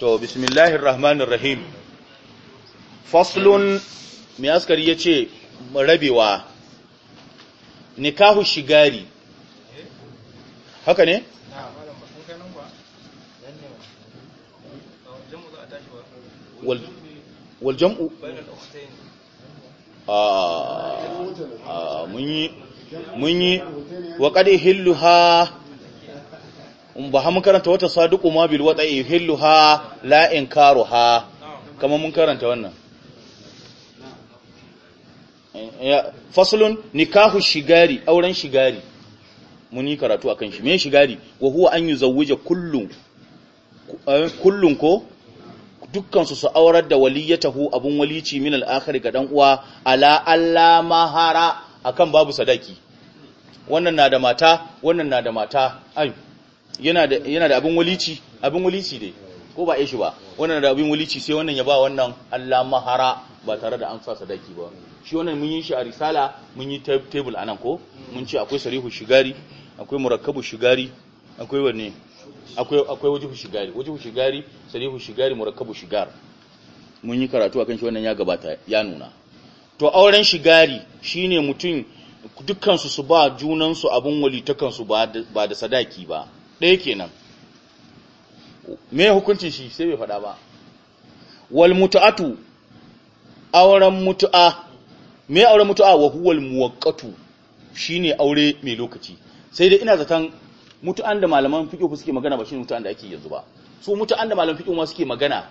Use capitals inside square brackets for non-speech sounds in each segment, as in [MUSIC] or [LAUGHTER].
to bismillahir rahmanir rahim faslun mai askari ya ce rabewa nikahu shigari haka ne? waljam'u ah, ah, mun yi mun yi wa qad ha. in ba ha mun karanta wata saduku ma bil wata ha la ha. kamar mun karanta wannan faslun nikahu shigari auren shigari mun yi karatu akan shi me shigari wa huwa an yuzawwija kullun eh, kullun ko dukkan su su aurar da waliyatahu abun walici min al-akhir ga dan uwa ala alla mahara akan babu sadaki wannan na da mata wannan na da mata ayu yana da abin walici abin walici dai ko ba ishi ba wannan da abin walici sai wannan ya ba wannan Allah mahara ba tare da an sa sadaki ba shi wannan mun yi shi a risala mun yi table anan ko mun ce akwai sarihu shigari akwai murakkabu shigari akwai wanne akwai akwai wajibu shigari wajibu shigari sarihu shigari murakkabu shigar mun yi karatu akan shi wannan ya gabata ya nuna to auren shigari shine mutum dukkan su su ba junan su abun walitakan su ba da sadaki ba ɗaya kenan me hukuncin shi sai bai faɗa ba wal mutu'atu auren mutu'a me auren mutu'a wa huwal muwaqqatu shine aure mai lokaci sai dai ina zatan mutu'an da malaman fiqh suke magana ba shine mutu'an da ake yanzu ba su mutu'an da malaman fiqh ma suke magana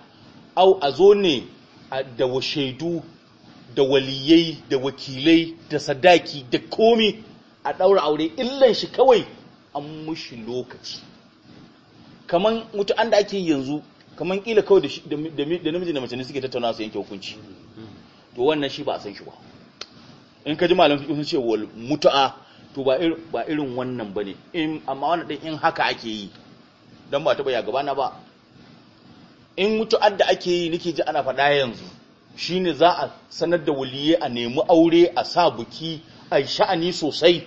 au a zo ne da shaidu da waliyai da wakilai da sadaki da komi a daura aure illan shi kawai an mushi lokaci kaman mutu an da ake yanzu kaman kila kawai da namiji da mace ne suke tattauna su yanke hukunci to wannan shi ba a san shi ba in ka ji malam fi sun ce wal mutu'a to ba irin ba irin wannan bane in amma wannan din in haka ake yi dan ba ta baya gaba na ba in mutu'ar da ake yi nake ji ana faɗa yanzu shine za a sanar da waliye a nemi aure a sa buki a sha'ani sosai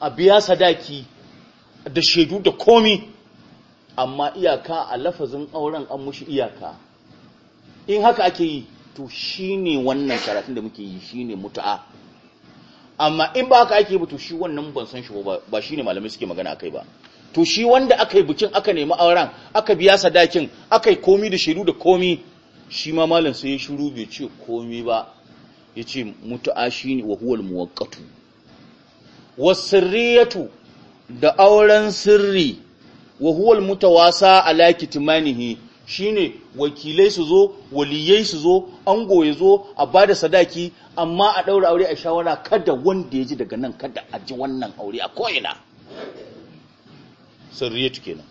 a biya sadaki da shaidu da komi amma iyaka a lafazin auren an mushi iyaka in haka ake yi to shi ne wannan karatun da muke yi shi ne mutu'a amma in ba haka ake yi to shi wannan ban san shi ba shi ne malamai suke magana akai ba to shi wanda aka yi bikin aka nemi auren aka biya sadakin aka yi komi da shaidu da komi shi ma malam sai ya shiru bai ce komi ba ya ce mutu'a shi ne wa huwal muwaqqatu wasirriyatu da auren sirri wa huwal mutawasa ala kitmanihi shine wakilai su zo waliyai su zo ango ya zo a bada sadaki amma a daura aure a shawara kada wanda ya ji daga nan kada a ji wannan aure a ko'ina sirriyatu kenan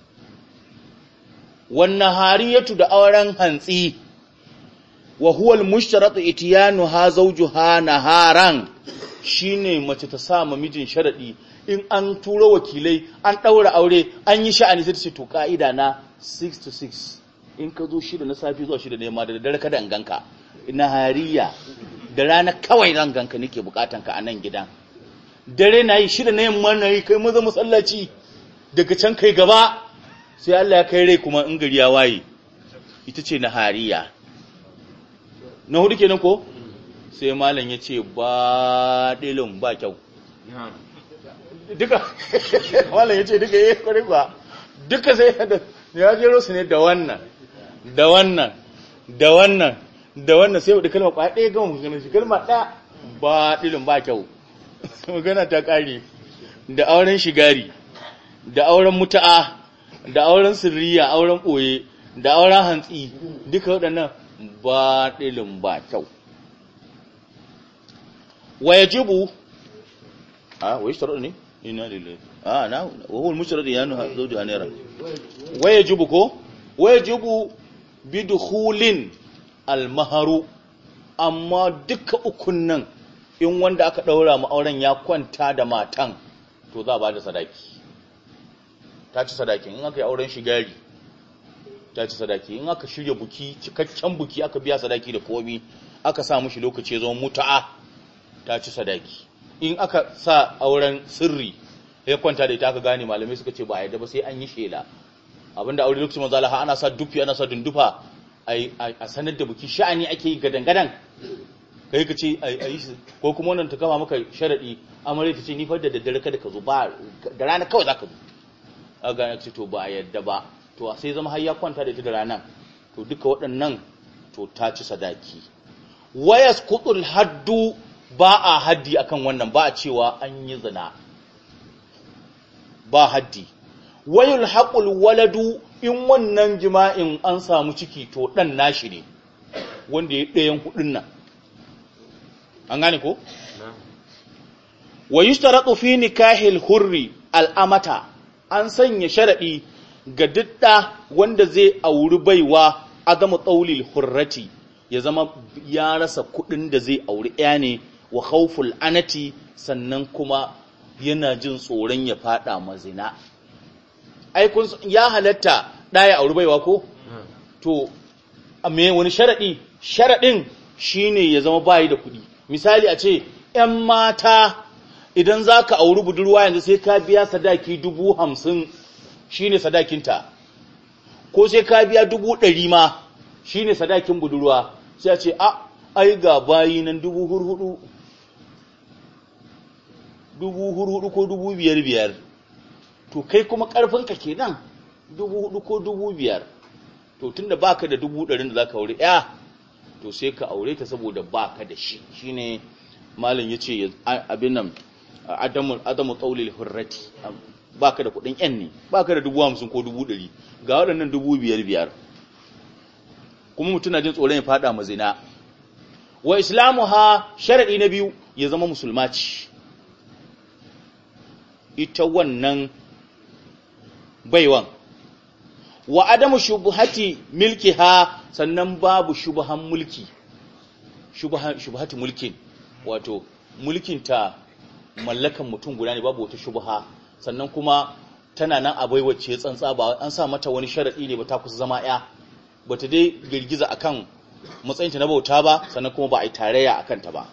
wannan hariyatu da auren hantsi wa huwal mushtaratu itiyanu ha zawjuha naharan Shi ne mace ta sa ma mijin sharaɗi in an turo wakilai an ɗaura aure an yi sha'ani sai ta ce to ka'ida na 6 to 6 in ka zo shida na safi zuwa shida ne ma da dare ka na hariya da rana kawai danganka nake bukatan ka a nan gidan dare na yi shida na yamma na yi kai maza masallaci daga can kai gaba sai Allah ya kai rai kuma in ya waye ita ce na hariya na hudu kenan ko sai malam ya ce ba ɗilin ba kyau duka [LAUGHS] malam ya ce duka ya eh, kwari ba duka sai ya jero su ne da wannan da wannan da wannan da wannan sai wadda kalma kwaɗe ɗaya gama maganar shi kalma ɗaya ba ɗilin ba kyau [LAUGHS] magana ta ƙari da auren shigari da auren muta'a da auren sirriya auren ɓoye da auren hantsi duka waɗannan ba ɗilin ba kyau wa yajibu ويشترط ني ان لله اه نعم وهو na wa huwa al-mushrad yanu ويجبو بدخول المهر اما ko wa yajibu bidukhulin al amma duka ukunnan, in wanda aka daura mu auren ya kwanta da matan to za ba da sadaki ta ci sadakin, in aka yi auren shigari ta ci sadaki in aka shirya buki cikakken buki aka biya sadaki da komi aka sa mushi lokaci ya zama muta'a ta ci sadaki in aka sa auren sirri ya kwanta da ita aka gane malamai suka ce ba a yadda ba sai an yi shela abinda aure lokacin manzo Allah ana sa dufi ana sa dundufa a sanar da buki sha'ani ake yi gadangadan kai ka ce a yi ko kuma wannan ta kama maka sharaɗi amarya ta ce ni fa da daddare kada ka zo ba da rana kawai za ka zo a gane ce to ba a yadda ba to sai zama har ya kwanta da ita da rana to duka waɗannan to ta ci sadaki wayas kutul haddu ba a haddi akan wannan ba a cewa an yi zina ba haddi wayul haƙul waladu in wannan jima'in an samu ciki to ɗan nashi ne wanda ya ɗayan kuɗin nan an gane ko? wa yushtaratu fi nikahil hurri al'amata an sanya sharaɗi ga didda wanda zai auri baiwa zama tsaulil hurrati ya zama ya rasa kuɗin da zai auri ya ne wa khawful anati sannan kuma yana jin tsoron ya fada mazina ai kun ya halatta daya auri baiwa ko to me wani sharadi sharadin shine ya zama bayi da kudi misali a ce ƴan mata idan za ka auri budurwa yanzu sai ka biya sadaki dubu hamsin shine sadakinta ko sai ka biya dubu ɗari ma shine sadakin budurwa sai a ce a ai ga bayi nan dubu hurhudu dubu hudu ko dubu biyar biyar to kai kuma ƙarfinka kenan dubu hudu ko dubu biyar to tunda baka da dubu ɗarin da zaka aure ya to sai ka aure ta saboda baka da shi shine malam yace abin nan adamu adamu qaulil hurrati baka da kuɗin yan ne baka da dubu hamsin ko dubu ɗari ga waɗannan dubu biyar biyar kuma mutum na jin tsoron ya faɗa mazina wa islamu ha sharaɗi na biyu ya zama musulma ce ita wannan baiwan wa adamu shubuhati milkiha sannan babu shubuhan mulki shubuhati mulkin wato mulkin ta mallakan mutum guda ne babu wata shubuha sannan kuma tana nan a ya tsantsa ba an sa mata wani sharadi ne ba ta kusa zama ya bata dai girgiza akan ta na bauta ba sannan kuma ba a yi tarayya akan ta ba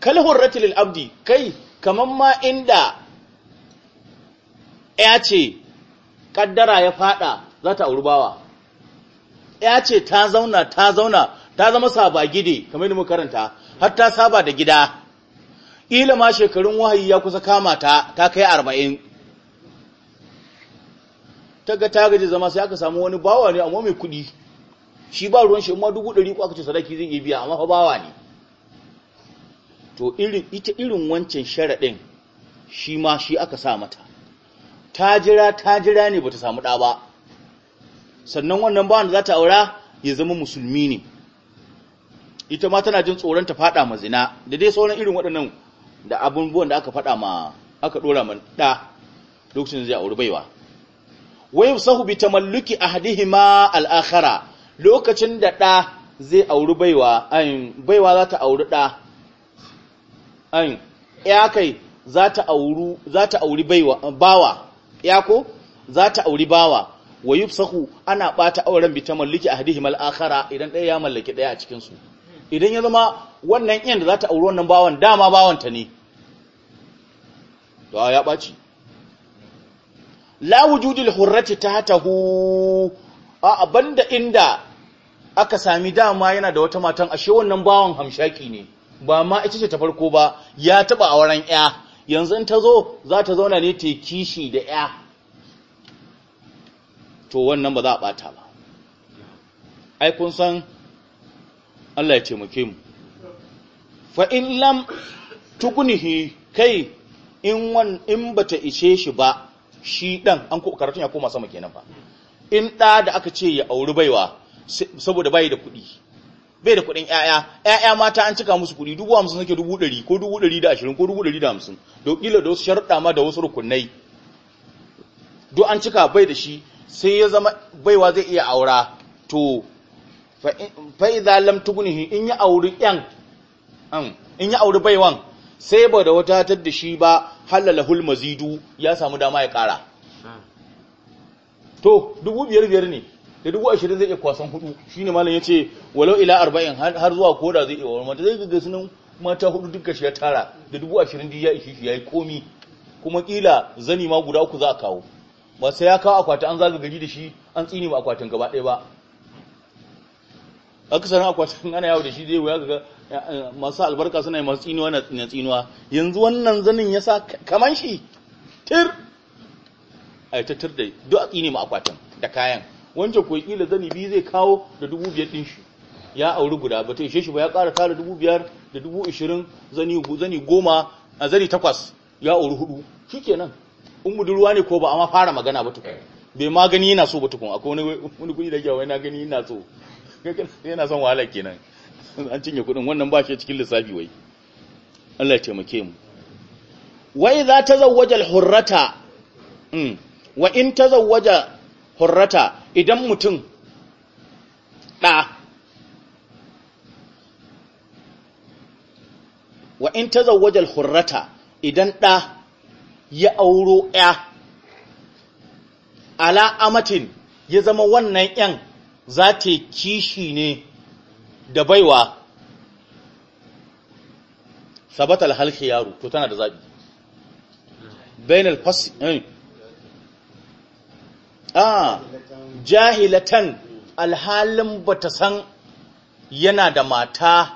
kalhurratil abdi kai kamar ma inda ya ce kaddara ya fada za ta auri bawa ya ce ta zauna ta zauna ta zama saba gide kamar mu karanta har ta saba da gida ila ma shekarun wahayi ya kusa kama ta ta kai arba'in ta ga ta gaji zama sai aka samu wani bawa ne amma mai kuɗi shi ba ruwan shi ma dubu ɗari ko aka ce sadaki zai iya biya amma fa bawa ne to irin ita irin wancan sharaɗin shi ma shi aka sa mata ta jira ta jira ne bata samu ɗa ba sannan wannan ba wanda za ta aura ya zama musulmi ne ita ma tana jin tsoron ta faɗa ma zina da dai sauran irin waɗannan da abubuwan da aka fada ma aka ɗora ma ɗa. lokacin zai auri baiwa Wai sahu bi tamalluki ahdihima al-akhara lokacin da ɗa zai auri baiwa ayin baiwa za ta auri ɗa? an ya kai za ta auri bawa ya ko za ta auri bawa wa sahu ana bata auren bi mallaki a hadihim al’akara idan ɗaya ya mallaki ɗaya a cikinsu? idan ya zama wannan yan da za ta auri wannan bawan dama bawan ne to ya ɓaci la wujudul hurrati hu a banda inda aka sami dama yana da wata matan ashe wannan bawan hamshaki ne ba ma ita ce ta farko ba ya taba auren ya yanzu in ta zo za ta zauna ne ta kishi da ya to wannan ba za a bata ba ai kun san Allah ya ce muke mu fa in lam tukunihi kai in wan in bata ishe shi ba shi dan an ko karatun ya koma sama kenan fa in da da aka ce ya auri baiwa saboda bai da kuɗi bai da kuɗin ƴaƴa ƴaƴa mata an cika musu kuɗi dubu hamsin suke dubu ɗari ko dubu ɗari da ashirin ko dubu ɗari da hamsin da da wasu sharuɗa ma da wasu rukunai don an cika bai da shi sai ya zama baiwa zai iya aura to fa idza lam tugnihi in ya auri ƴan in ya auri baiwan sai ba da wata wadatar da shi ba halalahul mazidu ya samu dama ya ƙara hmm. to dubu biyar biyar ne da dubu ashirin zai iya kwasan hudu shi ne malam ya ce walau ila arba'in har zuwa koda zai iya wani mata zai gaga sunan mata hudu duka shi ya tara da dubu ashirin ya ishi shi ya yi komi kuma kila zani ma guda uku za a kawo ba sai ya kawo akwata an zaga gari da shi an tsini ma akwatin gaba ɗaya ba akasarin akwatin ana yawo da shi zai wuya ga eh, masu albarka suna yi masu tsinuwa na tsinuwa yanzu wannan zanin ya sa kaman shi tir a yi ta tir da duk a tsini ma akwatin da kayan wancan ko kila zani biyu zai kawo da dubu biyar din shi ya auri guda ba ta ishe shi ba ya ƙara tara dubu biyar da dubu ashirin zani zani goma a zani takwas ya auri hudu shikenan in budurwa ne ko ba amma fara magana ba tukun bai ma gani yana so ba tukun akwai wani wani kuɗi da kyawai na gani yana so yana son wahala kenan an cinye kuɗin wannan ba shi cikin lissafi wai Allah ya taimake mu wa idza tazawwaja al-hurrata mm, wa in ta tazawwaja hurrata idan mutum ɗa wa in ta zawajal hurrata idan ɗa ya auro ya ala amatin ya zama wannan ‘yan za ta kishi ne da baiwa sabatal halki yaro to tana da zaɓi bainal fasi eh, a jahilatan alhalin bata san yana da mata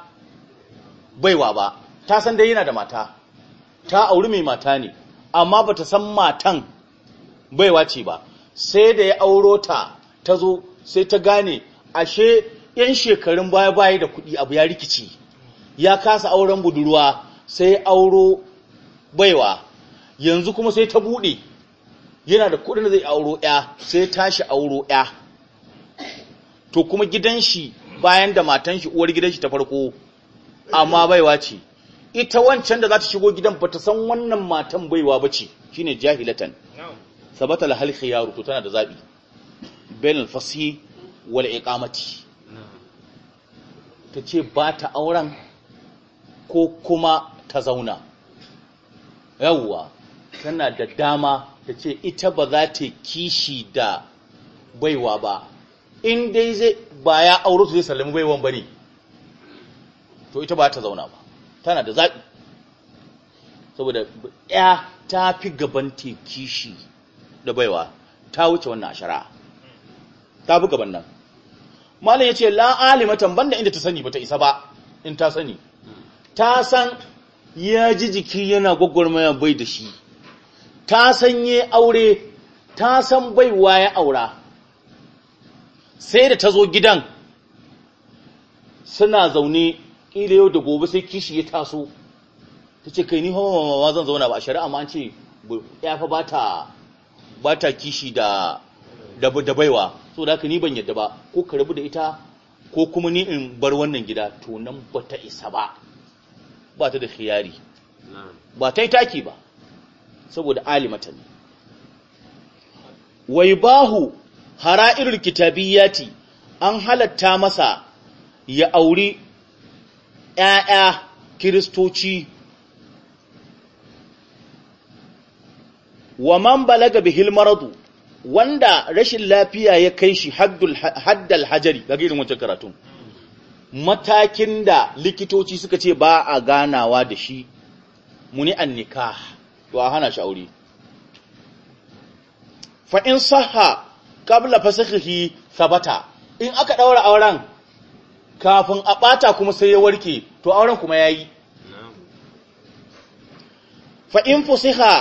baiwa ba ta san dai yana da mata ta auri mai mata ne amma bata san matan baiwa ce ba sai da ya auro ta ta zo sai ta gane ashe yan shekarun baya baya da kuɗi abu ya rikici ya kasa auren budurwa sai auro baiwa yanzu kuma sai ta buɗe yana da kudin da zai auro ya sai tashi auro ya to kuma gidan shi bayan da matan shi uwar gidan shi ta farko amma baiwa ce ita wancan da za ta shigo gidan ba ta san wannan matan baiwa ba ce shine jahilatan sabata lahal khiyaru to tana da zabi bainal fasihi wal iqamati ta ce ba ta auren ko kuma ta zauna yawwa tana da dama ta ce ita ba za ta kishi da baiwa ba in dai zai ba ya auro su zai sallami baiwan ba ne to ita ba ta zauna ba tana da zaɓi saboda ya ta fi gaban ta kishi da baiwa ta wuce wannan ashara ta fi gaban nan malin ya ce la'alimatan banda inda ta sani ba ta isa ba in ta sani ta san ya ji jiki yana gwagwarmaya bai da shi ta san sanye aure ta san baiwa ya aura sai da ta zo gidan suna zaune ƙila yau da gobe sai kishi ya taso ta ce kai ni hawa zan zauna ba a shari'a ma an ce ya fa ba ta kishi da baiwa so da haka ni ban yadda ba ko ka rabu da ita ko kuma ni in bar wannan gida to nan ba ta isa ba ba ta da khiyari ba ta yi taki ba saboda alimatan wai bahu hara'irul kitabiyyati an halatta masa ya auri ‘ya'ya kiristoci wa man balaga bihil maradu wanda rashin lafiya ya kai shi haddal hajari ga irin wancan karatun matakin da likitoci suka ce ba a ganawa da shi muni annikah nikah to a hana shi aure fa in sahha qabla fasakhihi sabata in aka daura auren kafin a bata kuma sai ya warke to auren kuma yayi fa in fusiha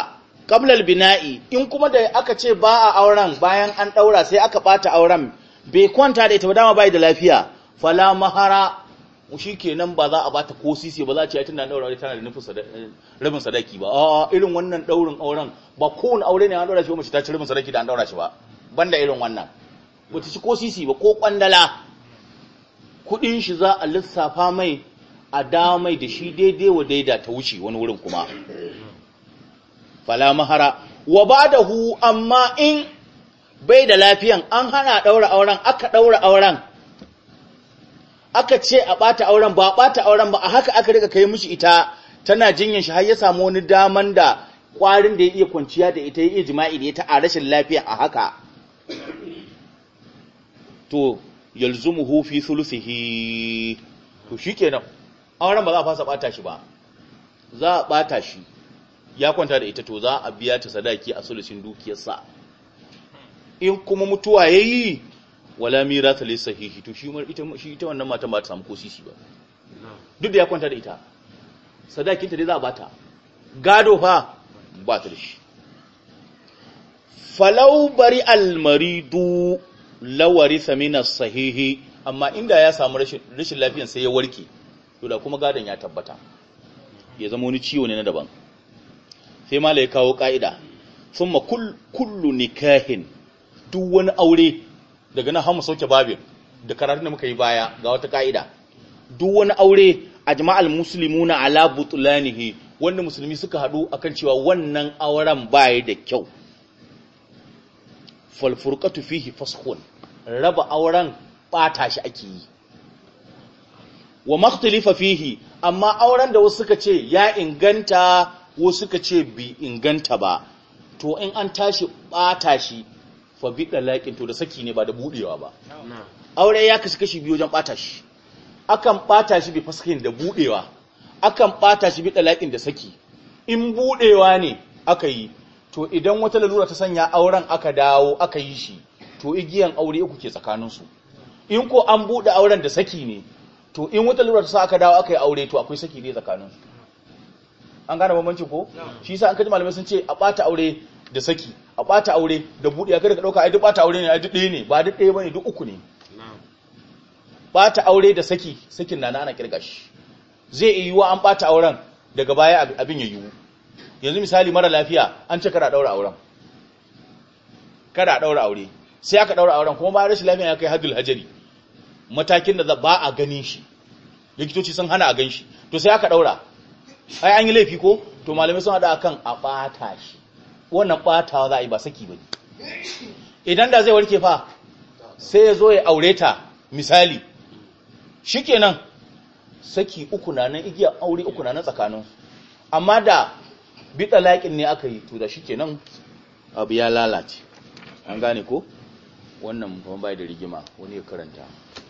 qabla albina'i in kuma da aka ce ba a auren bayan an daura sai aka bata auren bai kwanta da ita ba dama bai da lafiya fala mahara shi kenan ba za a bata ko sisi ba za a ce tana daura aure tana da nufin rabin sadaki ba a irin wannan daurin auren ba kowane aure ne an daura shi ba mace ta ci rabin sadaki da an daura shi ba banda irin wannan ba ta ci ko sisi ba ko kwandala kudin shi za a lissafa mai a damai da shi daidai wa daida ta wuce wani wurin kuma fala mahara wa ba da hu amma in bai da lafiyan an hana daura auren aka daura auren aka ce a ɓata auren ba a ɓata auren ba a haka aka rika kai mishi ita tana jinyar shi har ya samu wani daman da kwarin da ya iya kwanciya da ita ya iya jima'i da ita a rashin lafiya a haka to yalzumuhu fi sulusihi to shi kenan auren ba za a fasa ɓata shi ba za a ɓata shi ya kwanta da ita to za a biya ta sadaki a sulusin dukiyarsa in kuma mutuwa yayi wala mirata li sahihi to shi ita wannan matan ba ta samu ko sisi ba duk da ya kwanta da ita sadakin ta dai za a bata gado fa ba ta da shi falau bari almaridu lawarisa min sahihi amma inda ya samu rashin lafiyan sai ya warke to da kuma gadon ya tabbata ya zama wani ciwo ne na daban sai ya kawo ka'ida sun ma kullu nikahin duk wani aure daga nan hamu sauke babin da karatun da muka yi baya ga wata ka'ida duk wani aure a ajma'al muslimuna ala butlanihi wanda musulmi suka hadu akan cewa wannan auren baya da kyau fal furqatu fihi raba auren bata shi ake yi wa makhtalifa fihi amma auren da wasu suka ce ya inganta wasu suka ce bi inganta ba to in an tashi bata shi fa laƙin to da saki ne ba da buɗewa ba aure ya kashi kashi biyu wajen ɓata shi akan ɓata shi bi fasahin da buɗewa. akan ɓata shi biɗa laƙin da saki in buɗewa ne aka yi to idan wata lalura ta sanya auren aka dawo aka yi shi to igiyan aure uku ke tsakaninsu in ko an buɗe auren da saki ne to in wata lalura ta sa aka dawo aka yi aure to akwai saki ne tsakaninsu an gane bambanci ko shi yasa an kaji malamai sun ce a ɓata aure da saki a bata aure da buɗe kada ka dauka ai duk bata aure ne ai duk ɗaya ne ba duk ɗaya bane duk uku ne bata aure da saki sakin na ana kirga shi zai yi wa an bata auren daga baya abin ya yiwu yanzu misali mara lafiya an ce kada daura auren kada daura aure sai aka daura auren kuma ba rashin lafiya ya kai hadul hajari matakin da ba a ganin shi likitoci sun hana a gan shi to sai aka daura ai an yi laifi ko to malamai sun hada akan a bata shi wannan batawa za a yi ba saki ba idan da zai warke fa sai ya zo ya aure ta misali shikenan saki uku na nan igiya aure uku na nan tsakanin amma da bita laƙin ne aka yi to da shikenan abu ya lalace an gane ko wannan ban bai da rigima wani ya karanta